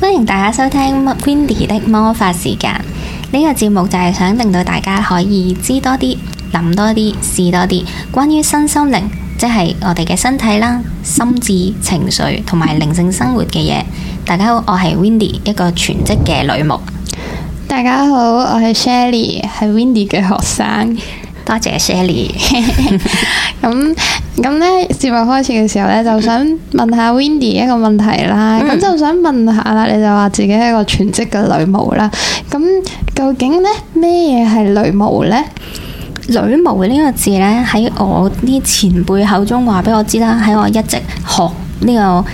歡迎大家收聽 Windy 的魔法時間，呢個節目就係想令到大家可以知多啲、諗多啲、試多啲關於身心靈，即係我哋嘅身體啦、心智、情緒同埋靈性生活嘅嘢。大家好，我係 Windy，一個全職嘅女巫。大家好，我係 Shelly，係 Windy 嘅學生。多謝，謝 Shelly。 咁咁咧，節目開始嘅時候咧，就想問下 Windy 一個問題啦。咁、嗯、就想問下啦，你就話自己係一個全職嘅女巫啦。咁究竟呢，咩嘢係女巫呢？女巫呢個字呢，喺我啲前輩口中話俾我知啦。喺我一直學呢、這個誒、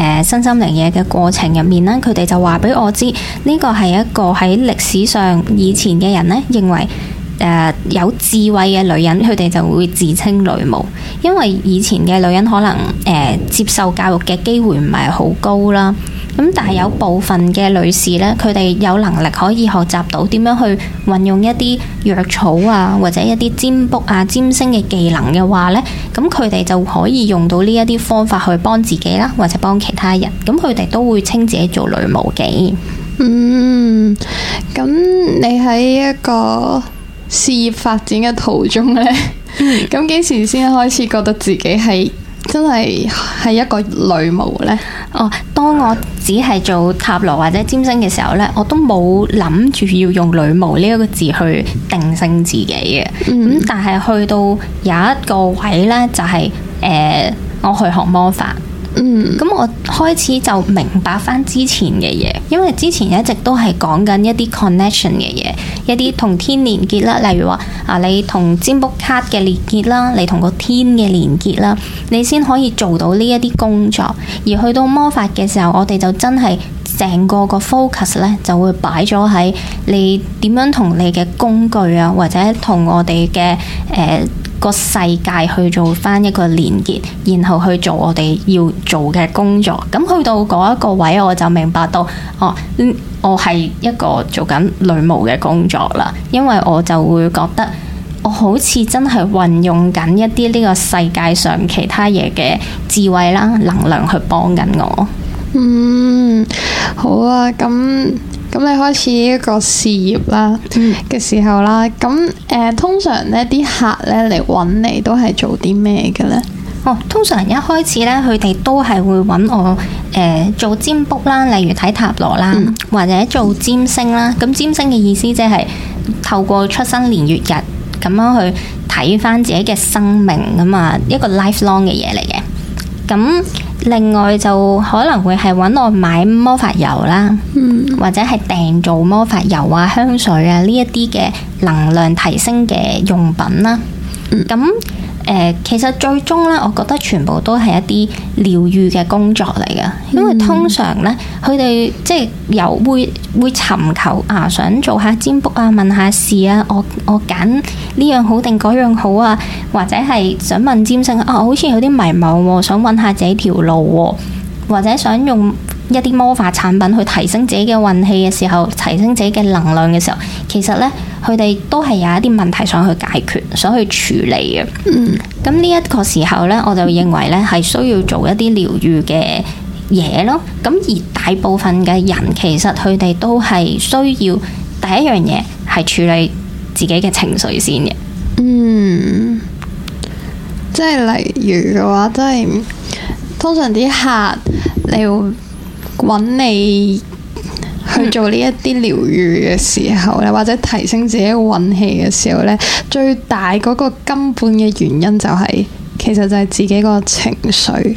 呃、身心靈嘢嘅過程入面呢，佢哋就話俾我知呢個係一個喺歷史上以前嘅人呢認為。誒、呃，有智慧嘅女人，佢哋就會自稱女巫，因為以前嘅女人可能誒、呃、接受教育嘅機會唔係好高啦。咁但係有部分嘅女士呢，佢哋有能力可以學習到點樣去運用一啲藥草啊，或者一啲占卜啊、占星嘅技能嘅話呢，咁佢哋就可以用到呢一啲方法去幫自己啦，或者幫其他人。咁佢哋都會稱自己做女巫嘅。嗯，咁你係一個？事業發展嘅途中呢，咁 幾時先開始覺得自己係真係係一個女巫呢？哦，當我只係做塔羅或者占星嘅時候呢，我都冇諗住要用女巫呢一個字去定性自己嘅。咁、嗯嗯、但係去到有一個位呢，就係、是、誒、呃，我去學魔法。嗯，咁我開始就明白翻之前嘅嘢，因為之前一直都係講緊一啲 connection 嘅嘢，一啲同天連結啦，例如話啊，你同占卜卡嘅連結啦，你同個天嘅連結啦，你先可以做到呢一啲工作。而去到魔法嘅時候，我哋就真係成個個 focus 呢就會擺咗喺你點樣同你嘅工具啊，或者同我哋嘅誒，呃個世界去做翻一個連結，然後去做我哋要做嘅工作。咁去到嗰一個位，我就明白到，哦，嗯、我係一個做緊女巫嘅工作啦，因為我就會覺得我好似真係運用緊一啲呢個世界上其他嘢嘅智慧啦、能量去幫緊我。嗯，好啊，咁。咁你開始一個事業啦嘅時候啦，咁誒、嗯、通常呢啲客呢嚟揾你都係做啲咩嘅呢？哦，通常一開始呢，佢哋都係會揾我誒做占卜啦，例如睇塔羅啦，嗯、或者做占星啦。咁占星嘅意思即係透過出生年月日咁樣去睇翻自己嘅生命咁啊，一個 lifelong 嘅嘢嚟嘅。咁另外就可能會係揾我買魔法油啦，嗯、或者係訂做魔法油啊、香水啊呢一啲嘅能量提升嘅用品啦，咁、嗯。誒，其實最終咧，我覺得全部都係一啲療愈嘅工作嚟嘅，因為通常咧，佢哋即係有會會尋求啊，想做下占卜啊，問下事啊，我我揀呢樣好定嗰樣好啊，或者係想問占星啊，好似有啲迷茫喎、啊，想揾下自己條路喎、啊，或者想用。一啲魔法產品去提升自己嘅運氣嘅時候，提升自己嘅能量嘅時候，其實呢，佢哋都係有一啲問題想去解決，想去處理嘅。嗯。咁呢一個時候呢，我就認為呢係需要做一啲療愈嘅嘢咯。咁而大部分嘅人其實佢哋都係需要第一樣嘢係處理自己嘅情緒先嘅。嗯。即係例如嘅話，即係通常啲客你要。嗯揾你去做呢一啲療愈嘅時候咧，嗯、或者提升自己嘅運氣嘅時候呢，最大嗰個根本嘅原因就係、是，其實就係自己個情緒。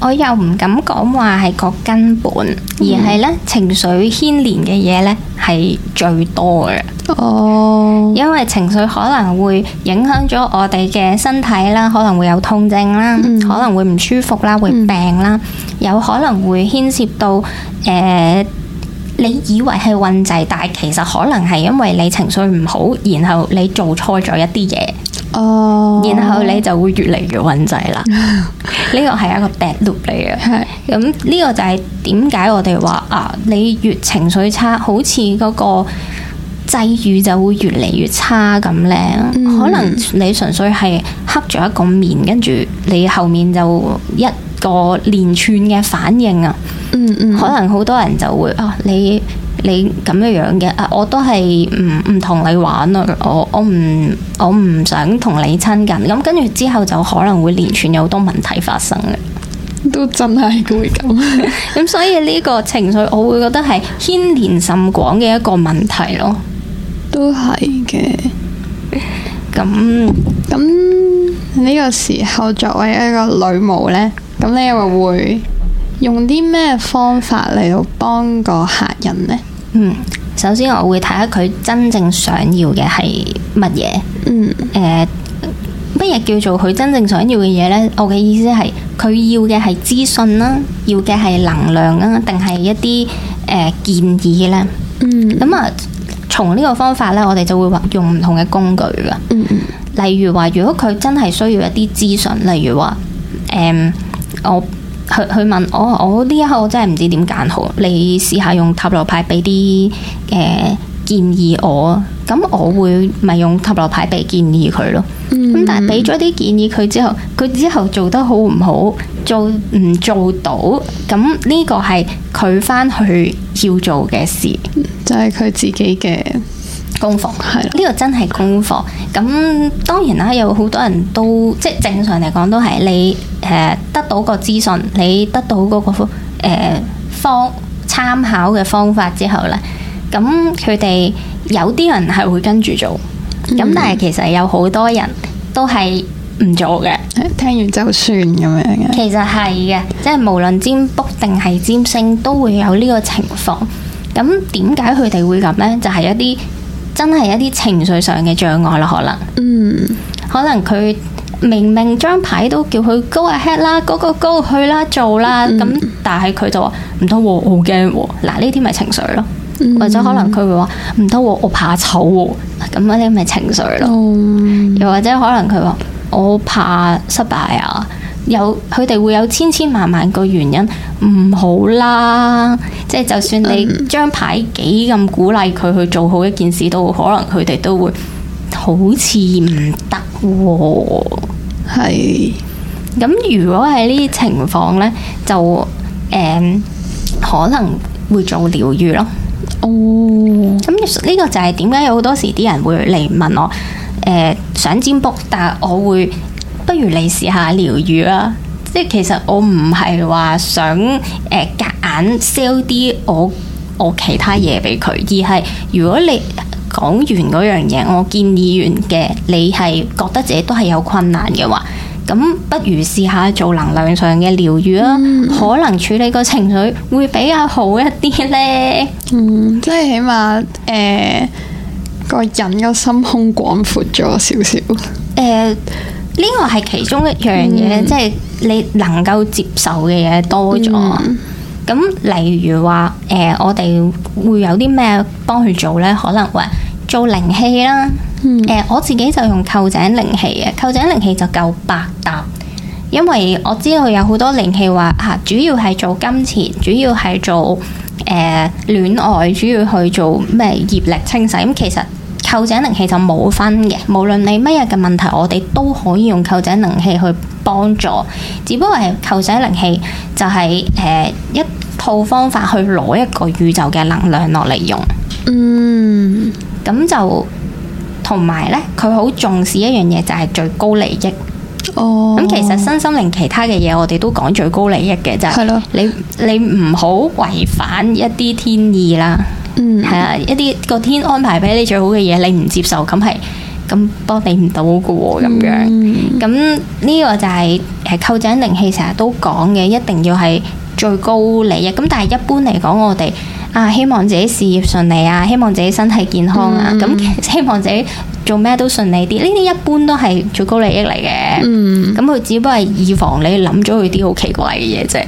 我又唔敢講話係個根本，而係咧情緒牽連嘅嘢咧係最多嘅。哦，因為情緒可能會影響咗我哋嘅身體啦，可能會有痛症啦，嗯、可能會唔舒服啦，會病啦，嗯、有可能會牽涉到誒、呃，你以為係運滯，但係其實可能係因為你情緒唔好，然後你做錯咗一啲嘢。哦，oh. 然後你就會越嚟越混滯啦，呢個係一個 dead loop 嚟嘅。係，咁呢個就係點解我哋話 啊，你越情緒差，好似嗰個際遇就會越嚟越差咁咧。Mm hmm. 可能你純粹係黑咗一個面，跟住你後面就一個連串嘅反應啊。嗯嗯、mm，hmm. 可能好多人就會、mm hmm. 啊你。你咁樣樣嘅，我都係唔唔同你玩咯，我我唔我唔想同你親近，咁跟住之後就可能會連串有好多問題發生嘅，都真係會咁，咁、 嗯、所以呢個情緒我會覺得係牽連甚廣嘅一個問題咯，都係是嘅，咁咁呢個時候作為一個女巫呢，咁你又會用啲咩方法嚟到幫個客人呢？嗯，首先我會睇下佢真正想要嘅係乜嘢。嗯。誒、呃，乜嘢叫做佢真正想要嘅嘢咧？我嘅意思係佢要嘅係資訊啦、啊，要嘅係能量啊，定係一啲誒、呃、建議咧。嗯。咁啊，從呢個方法咧，我哋就會用唔同嘅工具噶。嗯嗯。例如話，如果佢真係需要一啲資訊，例如話，誒、嗯、我。佢去問我，我、哦、呢一刻我真係唔知點揀好。你試下用塔羅牌俾啲誒建議我，咁我會咪用塔羅牌俾建議佢咯。咁、嗯、但係俾咗啲建議佢之後，佢之後做得好唔好，做唔做到，咁呢個係佢返去要做嘅事，就係佢自己嘅功課。係呢對 個真係功課。咁當然啦，有好多人都即係正常嚟講都係你。誒得到個資訊，你得到嗰、那個、呃、方參考嘅方法之後咧，咁佢哋有啲人係會跟住做，咁、嗯、但係其實有好多人都係唔做嘅，聽完就算咁樣嘅。其實係嘅，即係無論占卜定係占星，都會有呢個情況。咁點解佢哋會咁咧？就係、是、一啲真係一啲情緒上嘅障礙啦，可能嗯，可能佢。明明張牌都叫佢 go ahead 啦，嗰個 go 去啦做啦，咁、嗯、但係佢就話唔得，我好驚、啊。嗱、啊，呢啲咪情緒咯，或者可能佢會話唔得，我我怕醜、啊，咁呢啲咪情緒咯、啊。嗯、又或者可能佢話我怕失敗啊，有佢哋會有千千萬萬個原因唔好啦。即、就、係、是、就算你張牌幾咁鼓勵佢去做好一件事，都可能佢哋都會好似唔得。哦，係哇。咁是如果喺呢啲情況呢，就誒、呃、可能會做療愈咯。哦，咁呢個就係點解有好多時啲人會嚟問我誒、呃、想占卜，但係我會不如你試下療愈啦。即係其實我唔係話想誒夾硬 sell 啲我我其他嘢俾佢，而係如果你。講完嗰樣嘢，我建議完嘅，你係覺得自己都係有困難嘅話，咁不如試下做能量上嘅療愈啦，嗯、可能處理個情緒會比較好一啲呢，嗯，即係起碼誒、呃，個人個心胸廣闊咗少少。誒，呢個係其中一樣嘢，嗯、即係你能夠接受嘅嘢多咗。嗯嗯咁例如話，誒、呃，我哋會有啲咩幫佢做呢？可能話做靈氣啦，誒、嗯呃，我自己就用扣井靈氣嘅，扣井靈氣就夠百搭，因為我知道有好多靈氣話吓，主要係做金錢，主要係做誒呃、戀愛，主要去做咩業力清洗咁，其實。扣井靈氣就冇分嘅，無論你乜嘢嘅問題，我哋都可以用扣井靈氣去幫助。只不過係扣井靈氣就係、是、誒、呃、一套方法去攞一個宇宙嘅能量落嚟用。嗯，咁就同埋呢，佢好重視一樣嘢，就係最高利益。哦，咁其實身心靈其他嘅嘢，我哋都講最高利益嘅，就係、是、你的你唔好違反一啲天意啦。嗯，係啊，一啲個天安排俾你最好嘅嘢，你唔接受咁係，咁幫你唔到嘅喎，咁、嗯、樣，咁、嗯、呢、嗯嗯嗯嗯這個就係、是、誒，臼井靈氣成日都講嘅，一定要係最高利益。咁但係一般嚟講，我哋啊希望自己事業順利啊，希望自己身體健康、嗯、啊，咁希望自己做咩都順利啲。呢啲一般都係最高利益嚟嘅。嗯，咁佢、嗯嗯、只不過係以防你諗咗佢啲好奇怪嘅嘢啫。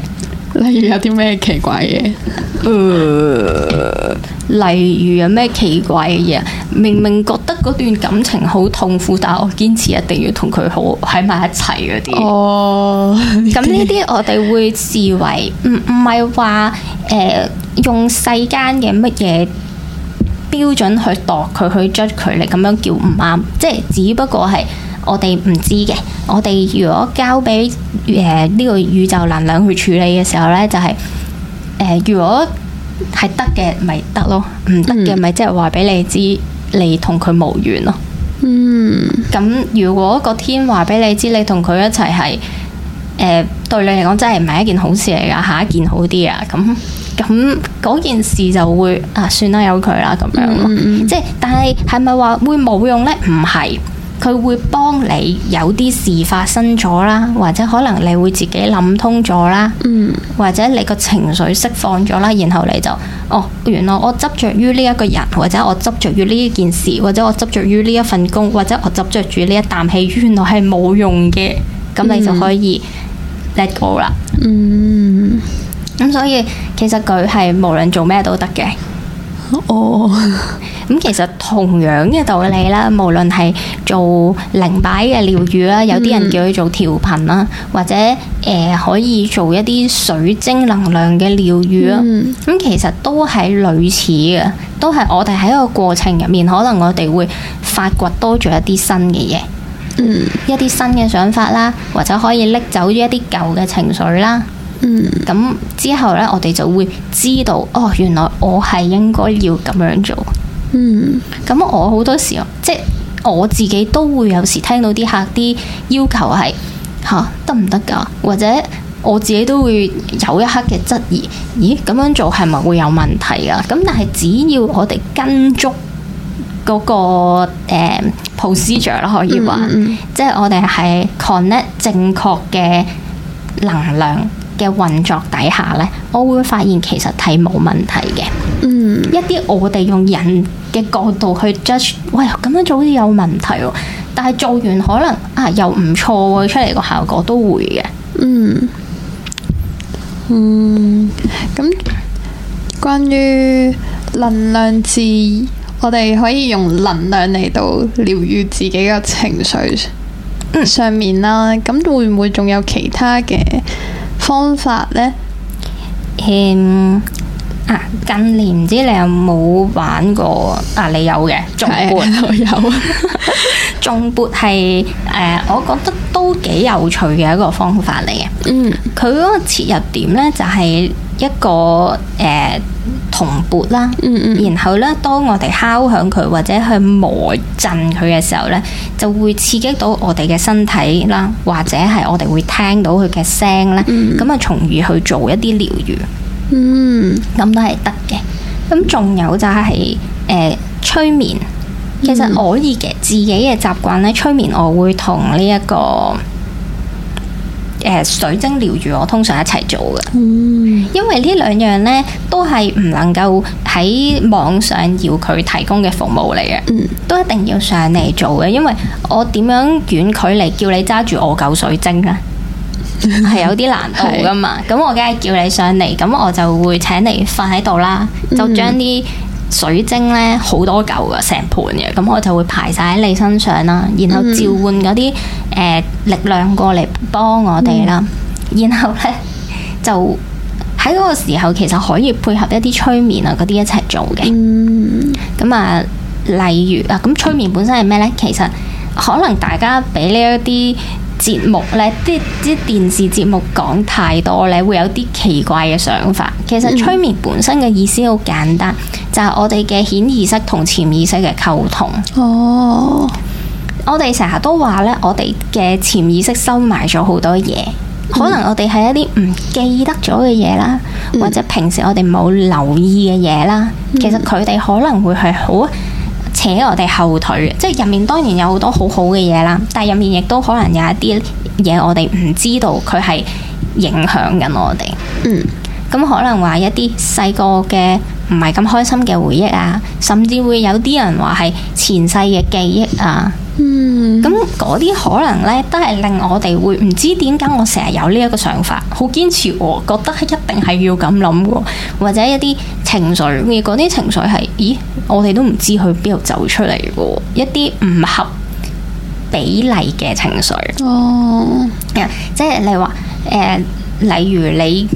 例如有啲咩奇怪嘢、 呃？例如有咩奇怪嘅嘢？明明覺得嗰段感情好痛苦，但係我堅持一定要同佢好喺埋一齊嗰啲。哦，咁呢啲我哋會視為唔唔係話誒用世間嘅乜嘢標準去度佢，去 judge 佢，你咁樣叫唔啱，即係只不過係。我哋唔知嘅，我哋如果交俾誒呢個宇宙能量去處理嘅時候呢，就係、是、誒、呃，如果係得嘅，咪得咯；唔得嘅，咪、嗯、即係話俾你知，你同佢無緣咯。嗯，咁如果個天話俾你知，你同佢一齊係誒對你嚟講真係唔係一件好事嚟噶，下一件好啲啊，咁咁嗰件事就會啊算啦，有佢啦咁樣咯。嗯、即係但係係咪話會冇用呢？唔係。佢會幫你有啲事發生咗啦，或者可能你會自己諗通咗啦，嗯、或者你個情緒釋放咗啦，然後你就哦，原來我執着於呢一個人，或者我執着於呢一件事，或者我執着於呢一份工，或者我執着住呢一啖氣，原來係冇用嘅，咁、嗯、你就可以 let go 啦。嗯，咁所以其實佢係無論做咩都得嘅。哦，咁、oh. 其實同樣嘅道理啦，無論係做靈擺嘅療愈啦，有啲人叫佢做調頻啦，mm. 或者誒、呃、可以做一啲水晶能量嘅療愈啦，咁、mm. 其實都係類似嘅，都係我哋喺個過程入面，可能我哋會發掘多咗一啲新嘅嘢，mm. 一啲新嘅想法啦，或者可以拎走一啲舊嘅情緒啦。嗯，咁之後咧，我哋就會知道哦，原來我係應該要咁樣做。嗯，咁我好多時候，即係我自己都會有時聽到啲客啲要求係吓得唔得噶，或者我自己都會有一刻嘅質疑，咦，咁樣做係咪會有問題㗎？咁但係只要我哋跟足嗰、那個誒、呃、procedure 咯，可以話，嗯嗯嗯即係我哋係 connect 正確嘅能量，嘅運作底下呢，我會發現其實係冇問題嘅。嗯，一啲我哋用人嘅角度去 judge，喂，咁樣就好似有問題喎。但係做完可能啊，又唔錯喎，出嚟個效果都會嘅。嗯，嗯，咁關於能量治，我哋可以用能量嚟到療愈自己嘅情緒上面啦。咁會唔會仲有其他嘅？方法呢，嗯、um, 啊，近年唔知你有冇玩過啊？你有嘅頌缽，有頌缽係誒，我覺得都幾有趣嘅一個方法嚟嘅。嗯，佢嗰個切入點呢，就係一個誒。呃頌缽啦，然後咧，當我哋敲響佢或者去磨震佢嘅時候咧，就會刺激到我哋嘅身體啦，或者係我哋會聽到佢嘅聲咧，咁啊、嗯，從而去做一啲療愈，嗯，咁都係得嘅。咁仲有就係、是、誒、呃、催眠，其實可以嘅，自己嘅習慣咧，催眠我會同呢一個。誒，水晶療愈我通常一齊做嘅。嗯、因為呢兩樣呢都係唔能夠喺網上要佢提供嘅服務嚟嘅。嗯、都一定要上嚟做嘅。因為我點樣遠距離叫你揸住我嚿水晶咧，係、嗯、有啲難度噶嘛。咁 是我梗係叫你上嚟，咁我就會請你瞓喺度啦，就將啲。水晶咧好多嚿嘅，成盤嘅，咁我就會排晒喺你身上啦，然後召喚嗰啲誒力量過嚟幫我哋啦，嗯、然後咧就喺嗰個時候，其實可以配合一啲催眠啊嗰啲一齊做嘅。咁、嗯、啊，例如啊，咁催眠本身係咩咧？嗯、其實可能大家俾呢一啲。節目咧，啲啲電視節目講太多咧，會有啲奇怪嘅想法。其實催眠本身嘅意思好簡單，嗯、就係我哋嘅顯意識同潛意識嘅溝通。哦，我哋成日都話咧，我哋嘅潛意識收埋咗好多嘢，嗯、可能我哋係一啲唔記得咗嘅嘢啦，嗯、或者平時我哋冇留意嘅嘢啦。嗯、其實佢哋可能會係好。企喺我哋後腿，即係入面當然有好多好好嘅嘢啦，但係入面亦都可能有一啲嘢我哋唔知道佢係影響緊我哋。嗯，咁可能話一啲細個嘅唔係咁開心嘅回憶啊，甚至會有啲人話係前世嘅記憶啊。嗯，咁嗰啲可能咧都係令我哋會唔知點解我成日有呢一個想法，好堅持，我覺得係一定係要咁諗嘅，或者一啲。情緒，你嗰啲情緒係，咦，我哋都唔知佢邊度走出嚟嘅，一啲唔合比例嘅情緒。哦，即係你話，誒、呃，例如你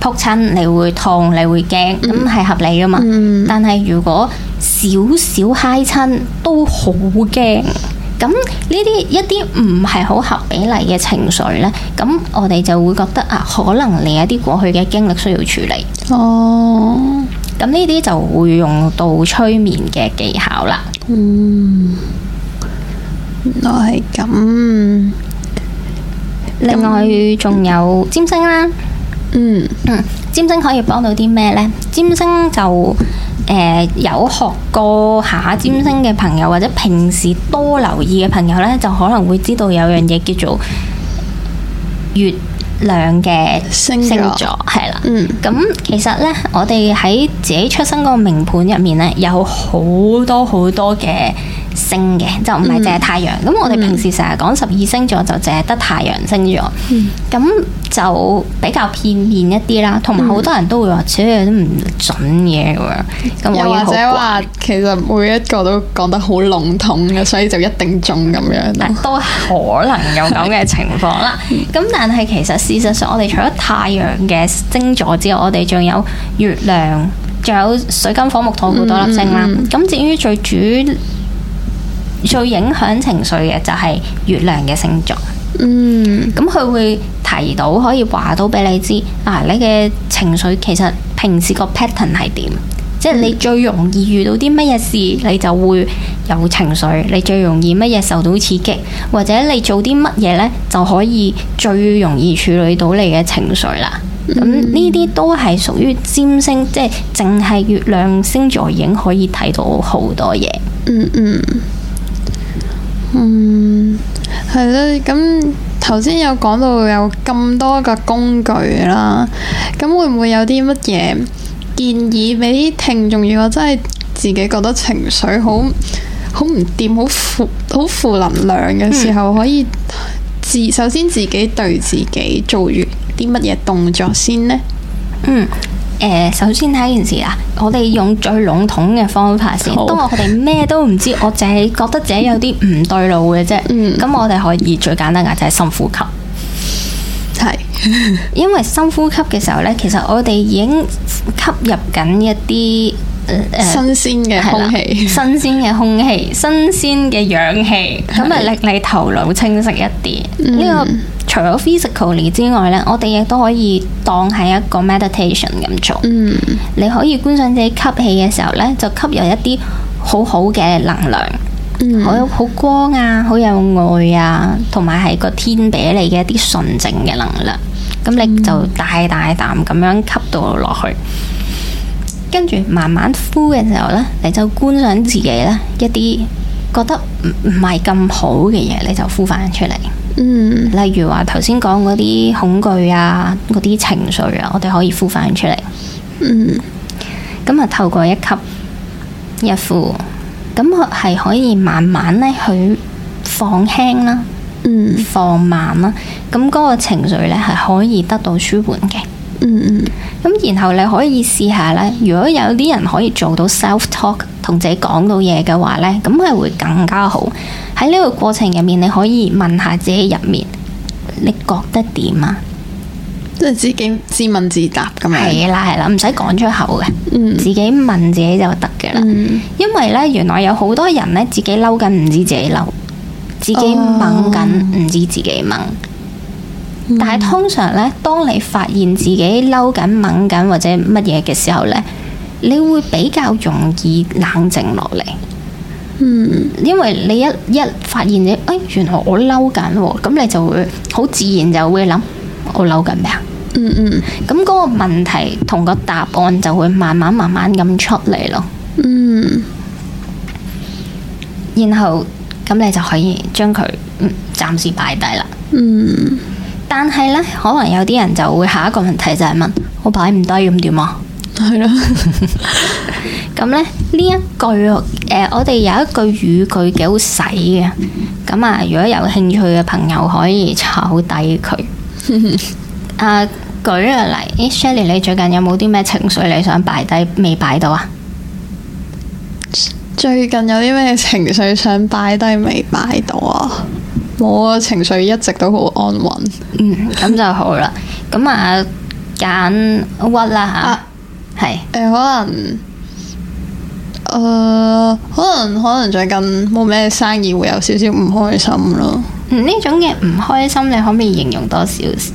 扑親，你會痛，你會驚，咁係、嗯、合理噶嘛？嗯、但係如果少少揩親，都好驚。咁呢啲一啲唔係好合比例嘅情緒呢，咁我哋就會覺得啊，可能你有啲過去嘅經歷需要處理。哦，咁呢啲就會用到催眠嘅技巧啦。嗯，原來係咁。另外仲有占星啦，嗯嗯，占星可以幫到啲咩呢？占星就。誒、呃、有學過下占星嘅朋友，或者平時多留意嘅朋友呢，就可能會知道有樣嘢叫做月亮嘅星座，係啦座。了嗯，咁其實呢，我哋喺自己出生個命盤入面呢，有好多好多嘅星嘅就唔係淨係太陽咁，嗯、我哋平時成日講十二星座就淨係得太陽星座，咁、嗯、就比較片面一啲啦。同埋好多人都會話，呢樣、嗯、都唔準嘢咁樣。又或者話，其實每一個都講得好籠統嘅，所以就一定中咁樣。嗯、但都可能有咁嘅情況啦。咁 但係其實事實上，我哋除咗太陽嘅星座之外，我哋仲有月亮，仲有水金火木土好多粒星啦。咁、嗯嗯、至於最主。最影響情緒嘅就係月亮嘅星座，嗯，咁佢會提到可以話到俾你知嗱、啊，你嘅情緒其實平時個 pattern 係點，mm. 即係你最容易遇到啲乜嘢事，你就會有情緒。你最容易乜嘢受到刺激，或者你做啲乜嘢呢，就可以最容易處理到你嘅情緒啦。咁呢啲都係屬於占星，即係淨係月亮星座已經可以睇到好多嘢。嗯嗯。嗯，係咧，咁頭先有講到有咁多個工具啦，咁會唔會有啲乜嘢建議俾啲聽眾？如果真係自己覺得情緒好好唔掂，好負好負能量嘅時候，嗯、可以自首先自己對自己做完啲乜嘢動作先呢？嗯。誒、呃，首先睇件事啦，我哋用最籠統嘅方法先，當好我哋咩都唔知，我淨係覺得自己有啲唔對路嘅啫。咁、嗯、我哋可以最簡單嘅就係深呼吸，係是， 因為深呼吸嘅時候呢，其實我哋已經吸入緊一啲。新鮮嘅空氣， 新鮮嘅空氣， 新鮮嘅氧氣，咁啊令你頭腦清晰一啲。呢、嗯，這個除咗 physically 之外呢，我哋亦都可以當係一個 meditation 咁做。嗯、你可以觀想自己吸氣嘅時候呢，就吸入一啲好好嘅能量，好好、嗯、光啊，好有愛啊，同埋係個天俾你嘅一啲純淨嘅能量。咁你就大大啖咁樣吸到落去。跟住慢慢呼嘅時候呢，你就觀想自己呢，一啲覺得唔唔係咁好嘅嘢，你就呼翻出嚟。嗯，例如話頭先講嗰啲恐懼啊，嗰啲情緒啊，我哋可以呼翻出嚟。嗯，咁啊透過一吸一呼，咁係可以慢慢咧去放輕啦，嗯，放慢啦，咁嗰個情緒呢，係可以得到舒緩嘅。嗯嗯，咁然後你可以試下呢。如果有啲人可以做到 Self Talk，同自己講到嘢嘅話呢，咁係會更加好。喺呢個過程入面，你可以問下自己入面，你覺得點啊？即係自己自問自答咁樣。係啦係啦，唔使講出口嘅，嗯、自己問自己就得嘅啦。嗯、因為呢，原來有好多人呢，自己嬲緊唔知自己嬲，哦、自己掹緊唔知自己掹，但係通常咧，當你發現自己嬲緊、猛緊或者乜嘢嘅時候咧，你會比較容易冷靜落嚟。嗯，因為你一一發現你，哎，原來我嬲緊，咁你就會好自然就會諗，我嬲緊咩啊？嗯嗯。咁嗰個問題同個答案，就會慢慢慢慢咁出嚟咯。嗯。然後咁你就可以將佢，嗯，暫時擺低啦。嗯。但係咧，可能有啲人就會下一個問題就係問： 我擺唔低咁點啊？係咯，咁咧 呢一句誒、呃，我哋有一句語句幾好使嘅。咁、嗯、啊，如果有興趣嘅朋友可以抄低佢。 啊，舉個例，咦，Shelly，你 最近有冇啲咩情緒你想擺低未擺到啊？ 最近有啲咩情緒想擺低未擺到啊？冇啊，情緒一直都好安穩。嗯，咁就好啦。咁啊，揀屈啦吓。係、啊，誒是、欸、可能，誒、呃、可能可能最近冇咩生意會有少少唔開心咯。嗯，呢種嘅唔開心，你可唔可以形容多少少？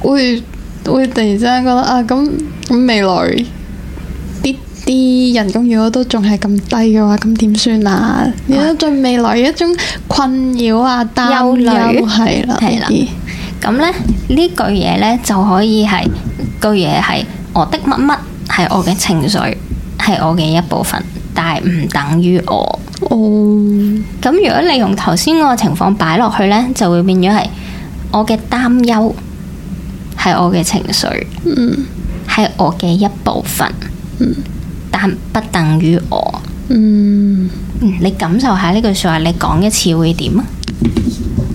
會會突然之間覺得啊，咁咁未來。啲人工如果都仲係咁低嘅話，咁點算啊？而家對未來一種困擾啊，擔憂，憂慮係啦，係啦。咁咧呢句嘢咧，就可以係句嘢，係我的乜乜係我嘅情緒，係我嘅一部分，但係唔等於我。哦。咁如果你用頭先個情況擺落去咧，就會變咗係我嘅擔憂係我嘅情緒，嗯，係我嘅一部分，嗯。但不等於我。嗯，你感受下呢句說話，你講一次會點啊？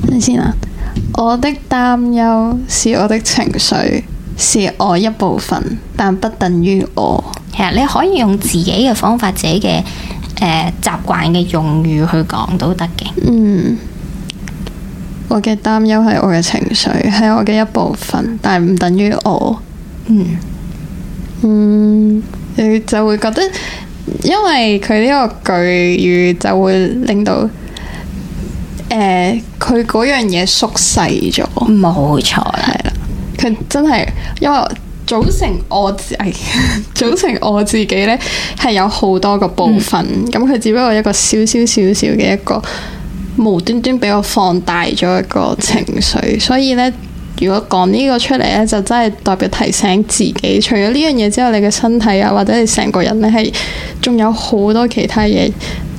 等先啊。我的擔憂是我的情緒，是我一部分，但不等於我。其實你可以用自己嘅方法、自己嘅誒習慣嘅用語去講都得嘅。嗯，我嘅擔憂係我嘅情緒，係我嘅一部分，但唔等於我。嗯，嗯。你就會覺得，因為佢呢個句語就會令到，誒、呃，佢嗰樣嘢縮細咗。冇錯，係啦。佢真係因為組成我自、哎，組成我自己呢，係有好多個部分。咁佢 只不過一個小小小小嘅一個無端端俾我放大咗一個情緒，所以呢。如果講呢個出嚟咧，就真係代表提醒自己。除咗呢樣嘢之後，你嘅身體啊，或者你成個人，你係仲有好多其他嘢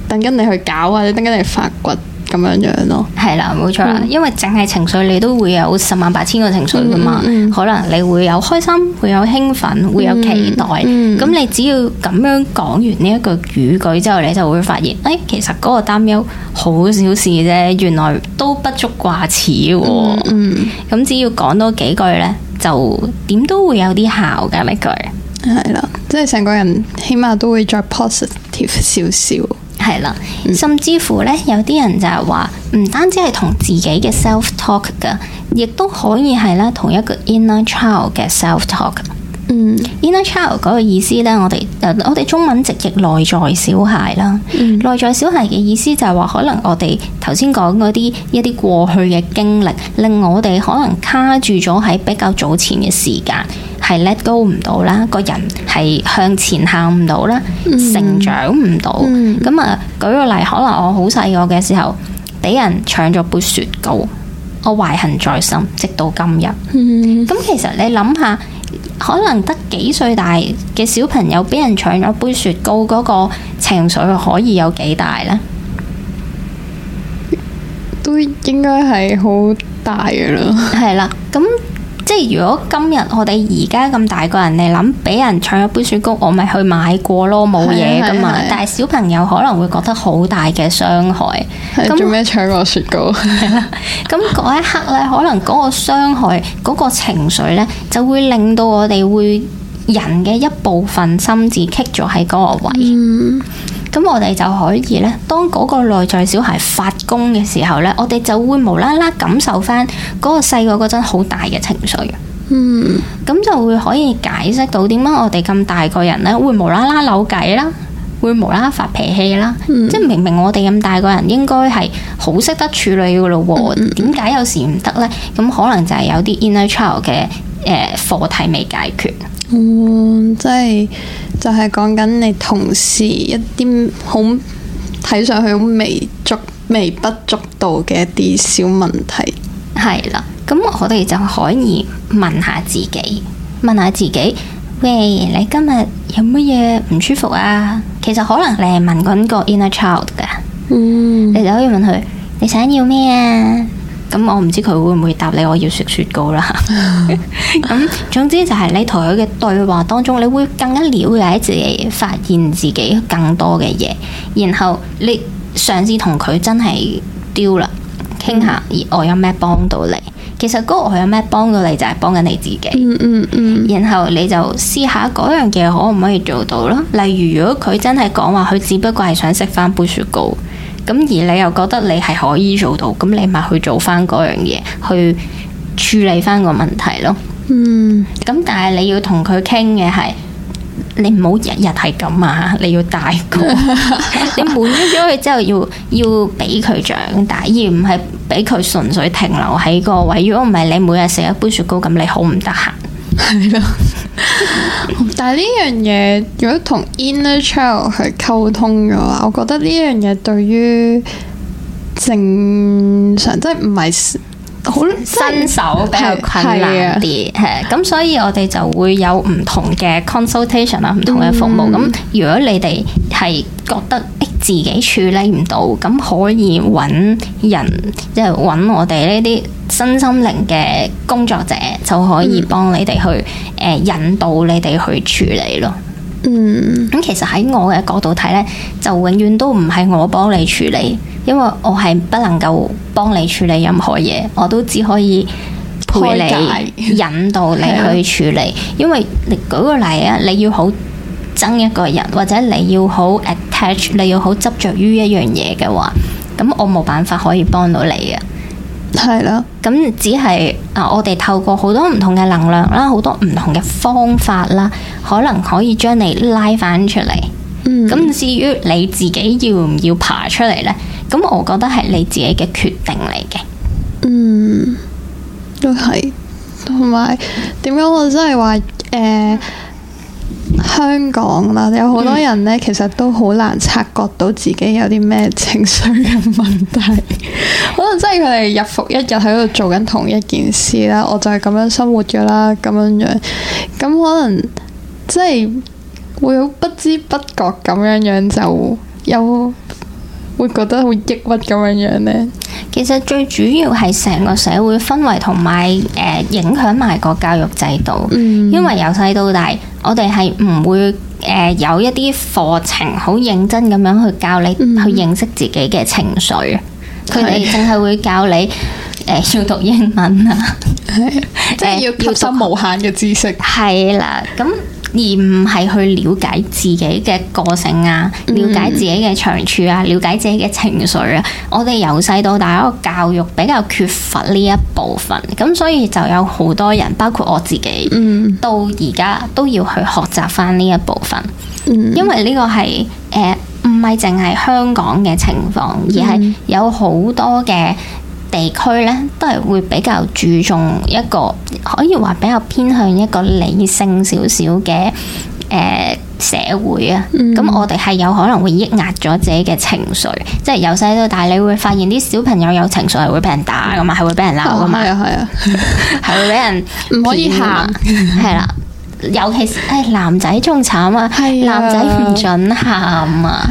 等緊你去搞啊，或者等緊你去發掘。咁樣樣咯，係啦，冇錯啦，mm. 因為淨係情緒你都會有十萬八千個情緒噶嘛，mm. 可能你會有開心，會有興奮，mm. 會有期待，咁、mm. 你只要咁樣講完呢一句語句之後，你就會發現，誒、欸，其實嗰個擔憂好小事啫，原來都不足掛齒。嗯，咁只要講多幾句呢，就點都會有啲效噶呢句。係啦，即係成個人起碼都會再 positive 少少。係啦，甚至乎咧，有啲人就係話唔單止係同自己嘅 self talk 噶，亦都可以係咧同一個 inner child 嘅 self talk。嗯，inner child 嗰個意思咧，我哋誒，我哋中文直譯內在小孩啦。內在小孩嘅意思就係話，可能我哋頭先講嗰啲一啲過去嘅經歷，令我哋可能卡住咗喺比較早前嘅時間。係 let go 唔到啦，個人係向前行唔到啦，成長唔到。咁啊，舉個例，可能我好細個嘅時候，俾人搶咗杯雪糕，我懷恨在心，直到今日。咁其實你諗下，可能得幾歲大嘅小朋友俾人搶咗杯雪糕，嗰個情緒可以有幾大呢？都應該係好大嘅啦。係啦，咁。即係如果今日我哋而家咁大個人嚟諗，俾人搶咗杯雪糕，我咪去買過咯，冇嘢噶嘛。 但係小朋友可能會覺得好大嘅傷害。做咩， 那搶我雪糕？咁 嗰 一刻呢，可能嗰個傷害、嗰、嗰個情緒呢，就會令到我哋會人嘅一部分心智棘咗喺嗰個位。嗯咁我哋就可以咧，當嗰個內在小孩發功嘅時候咧，我哋就會無啦啦感受翻嗰個細個嗰陣好大嘅情緒。嗯，咁就會可以解釋到點解我哋咁大個人咧，會無啦啦扭計啦，會無啦啦發脾氣啦。嗯、即係明明我哋咁大個人，應該係好識得處理噶咯，點解、嗯嗯嗯、有時唔得咧？咁可能就係有啲 inner child 嘅誒課題未解決。嗯，即係。就係講緊你同事一啲好睇上去好微足微不足道嘅一啲小問題，係啦。咁 我哋就可以問下自己，問下自己，喂，你今日有乜嘢唔舒服啊？其實可能你係問緊個 inner child 噶，嗯、你就可以問佢，你想要咩啊？咁我唔知佢會唔會答你我要食雪糕啦。咁、嗯嗯嗯、 總之就係你同佢嘅對話當中，你會更加了解自己，發現自己更多嘅嘢。然後你嘗試同佢真係丟啦，傾下而我有咩幫到你。其實嗰個我有咩幫到你，就係幫緊你自己。嗯嗯嗯、然後你就思下嗰樣嘢可唔可以做到咯？例如如果佢真係講話，佢只不過係想食翻杯雪糕。咁而你又覺得你係可以做到，咁你咪去做翻嗰樣嘢，去處理翻個問題咯。嗯，咁但係你要同佢傾嘅係，你唔好日日係咁啊！你要大個， 你滿足咗佢之後要，要要俾佢長大，而唔係俾佢純粹停留喺個位。如果唔係，你每日食一杯雪糕，咁你好唔得閒。係咯。 但係呢樣嘢，如果同 inner child 去溝通嘅話，我覺得呢樣嘢對於正常，即係唔係好新手比較困難啲，係咁，所以我哋就會有唔同嘅 consultation 啦，唔同嘅服務。咁、嗯、如果你哋係覺得自己處理唔到，咁可以揾人，即係揾我哋呢啲。身心靈嘅工作者就可以幫你哋去誒、嗯呃、引導你哋去處理咯。嗯，咁其實喺我嘅角度睇呢，就永遠都唔係我幫你處理，因為我係不能夠幫你處理任何嘢，我都只可以陪你引導你去處理。嗯、因為你舉個例啊，你要好憎一個人，或者你要好 attach，你要好執着於一樣嘢嘅話，咁我冇辦法可以幫到你嘅，係咯。咁只係啊，我哋透過好多唔同嘅能量啦，好多唔同嘅方法啦，可能可以將你拉返出嚟。嗯，咁至於你自己要唔要爬出嚟呢？咁我覺得係你自己嘅決定嚟嘅。嗯，都係。同埋點樣？我真係話誒。呃香港啦，有好多人咧，其實都好難察覺到自己有啲咩情緒嘅問題。可能即係佢哋日復一日喺度做緊同一件事啦，我就係咁樣生活噶啦，咁樣樣，咁可能即係會好不知不覺咁樣樣，就有會覺得好抑鬱咁樣樣咧。其實最主要係成個社會氛圍同埋誒影響埋個教育制度，嗯、因為由細到大，我哋係唔會誒、呃、有一啲課程好認真咁樣去教你去認識自己嘅情緒，佢哋淨係會教你誒、呃、要讀英文啊， 即係要吸收無限嘅知識，係啦咁。 而唔係去了解自己嘅個性啊，了解自己嘅長處啊，了解自己嘅情緒啊。我哋由細到大，一個教育比較缺乏呢一部分，咁所以就有好多人，包括我自己，到而家都要去學習返呢一部分。因為呢個係誒唔係淨係香港嘅情況，而係有好多嘅地區咧都係會比較注重一個，可以話比較偏向一個理性少少嘅誒社會啊。咁、嗯、我哋係有可能會抑壓咗自己嘅情緒，即係由細到大，你會發現啲小朋友有情緒係會俾人打噶嘛，係會俾人鬧噶嘛，係啊、嗯，係會俾人唔、嗯、可以喊，係啦。尤其是誒、哎、男仔仲慘啊，是啊男仔唔准喊啊，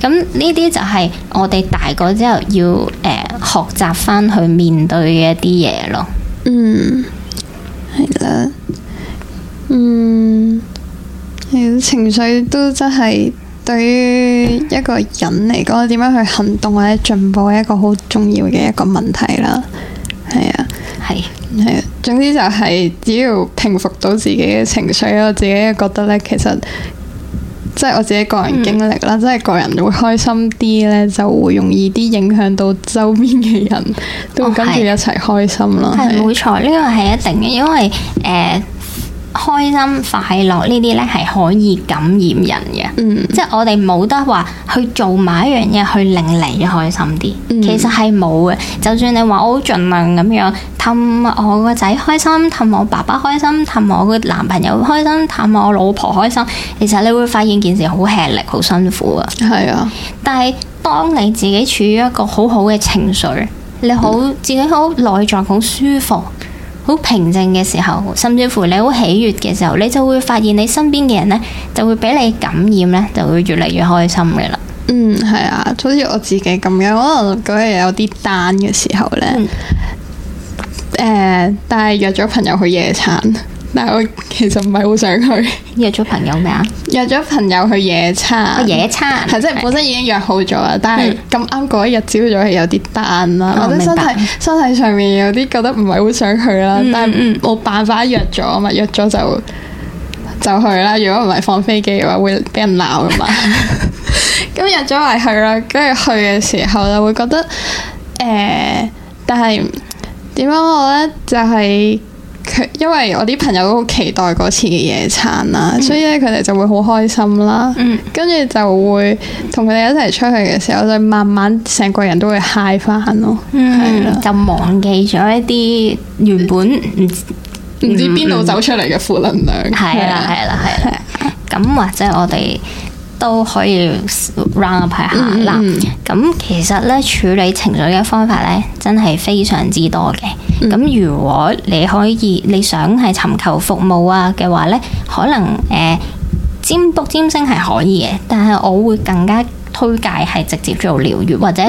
咁呢啲就係我哋大個之後要誒、呃、學習翻去面對嘅一啲嘢咯嗯、啊。嗯，係啦，嗯，情緒都真係對於一個人嚟講，點樣去行動或者進步，一個好重要嘅一個問題啦。係啊，係係啊，總之就係只要平復到自己嘅情緒，我自己覺得咧，其實即係我自己個人經歷啦，嗯、即係個人會開心啲咧，就會容易啲影響到周邊嘅人都會跟住一齊開心咯。係冇錯，呢個係一定嘅，因為誒。呃開心快樂呢啲呢係可以感染人嘅。嗯、即係我哋冇得話去做某一樣嘢去令你開心啲。嗯、其實係冇嘅，就算你話我好盡量咁樣氹我個仔開心，氹我爸爸開心，氹我個男朋友開心，氹我老婆開心，其實你會發現件事好吃力，好辛苦啊。係啊、嗯，但係當你自己處於一個好好嘅情緒，你好自己好內在好舒服。嗯好平靜嘅時候，甚至乎你好喜悅嘅時候，你就會發現你身邊嘅人呢，就會俾你感染呢，就會越嚟越開心嘅啦。嗯，係啊，好似我自己咁樣，可能嗰日有啲單嘅時候呢，誒、嗯、呃，但係約咗朋友去夜餐。但係我其實唔係好想去，約咗朋友咩啊？約咗朋友去野餐，去野餐係即係本身已經約好咗啦，的但係咁啱嗰一日朝早係有啲單啦，或者、嗯、身體白身體上面有啲覺得唔係好想去啦，嗯，但係冇辦法，約咗啊嘛，約咗就就去啦。如果唔係放飛機嘅話會、嗯，會俾人鬧噶嘛。咁約咗咪去啦，跟住去嘅時候就會覺得誒、呃，但係點樣好咧？就係、是就是。因為我啲朋友都好期待嗰次嘅野餐啦，嗯、所以咧佢哋就會好開心啦。嗯，跟住就會同佢哋一齊出去嘅時候，就慢慢成個人都會嗨翻咯。嗯，了就忘記咗一啲原本唔、嗯嗯、知邊度走出嚟嘅負能量。係啦、嗯，係、嗯、啦，係啦了。咁或者我哋，都可以 round up 下、嗯、啦。咁其實咧處理情緒嘅方法咧，真係非常之多嘅。咁、嗯、如果你可以，你想係尋求服務啊嘅話咧，可能誒、呃，占卜、占星係可以嘅。但係我會更加推介係直接做療愈、嗯、或者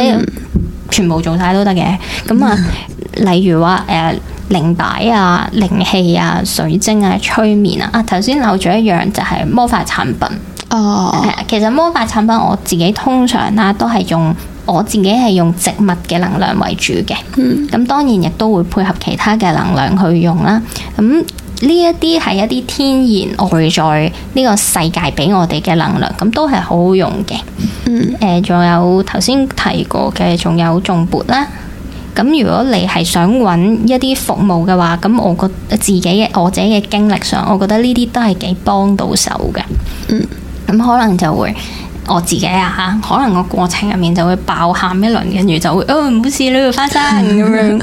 全部做晒都得嘅。咁、嗯、啊，例如話誒，靈擺啊、靈、呃、氣啊，啊、水晶啊、催眠啊。啊，頭先漏咗一樣就係魔法產品。哦，係、oh. 其實魔法產品我自己通常啦，都係用我自己係用植物嘅能量為主嘅。咁、mm. 當然亦都會配合其他嘅能量去用啦。咁呢一啲係一啲天然外在呢個世界俾我哋嘅能量，咁都係好好用嘅。嗯、mm. 呃，仲有頭先提過嘅，仲有頌缽啦。咁如果你係想揾一啲服務嘅話，咁我覺自己嘅我自己嘅經歷上，我覺得呢啲都係幾幫到手嘅。嗯。Mm. 咁可能就會我自己啊吓，可能個過程入面就會爆喊一輪，跟住就會哦，冇事啦，發生咁樣。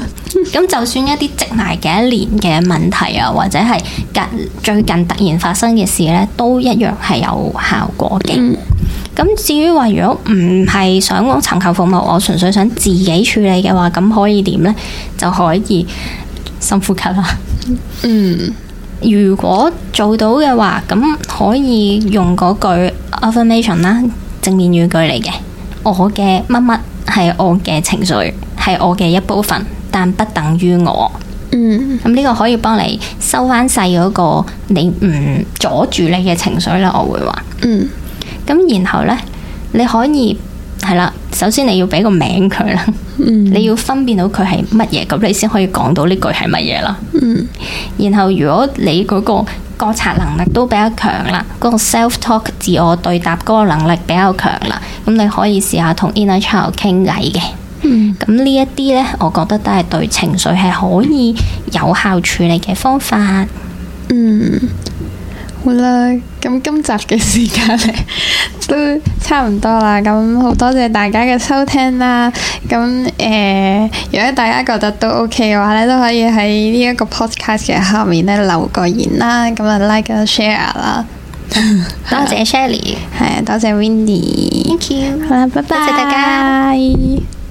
咁 就算一啲積埋幾多年嘅問題啊，或者係近最近突然發生嘅事呢，都一樣係有效果嘅。咁、嗯、至於話如果唔係想講尋求服務，我純粹想自己處理嘅話，咁可以點呢？就可以深呼吸啦。嗯。 如果做到嘅話，咁可以用嗰句 affirmation 啦，正面語句嚟嘅。我嘅乜乜係我嘅情緒，係我嘅一部分，但不等於我。嗯，咁呢個可以幫你收翻細嗰個你唔阻住你嘅情緒啦。我會話，嗯，咁然後呢，你可以。係啦，首先你要俾個名佢啦，嗯、你要分辨到佢係乜嘢，咁你先可以講到呢句係乜嘢啦。嗯，然後如果你嗰個覺察能力都比較強啦，嗰、嗰個 self talk 自我對答嗰個能力比較強啦，咁你可以試下同 inner child 傾偈嘅。嗯，咁呢一啲咧，我覺得都係對情緒係可以有效處理嘅方法。嗯，好啦，咁今集嘅時間咧。 都差唔多啦，咁好多謝大家嘅收聽啦。咁誒、呃，如果大家覺得都 OK 嘅話咧，都可以喺呢一個 podcast 嘅下面咧留個言啦。咁啊 like share 啦， 多謝 Shelly，係啊，多謝 Windy，Thank you，好啦，拜拜，多謝大家。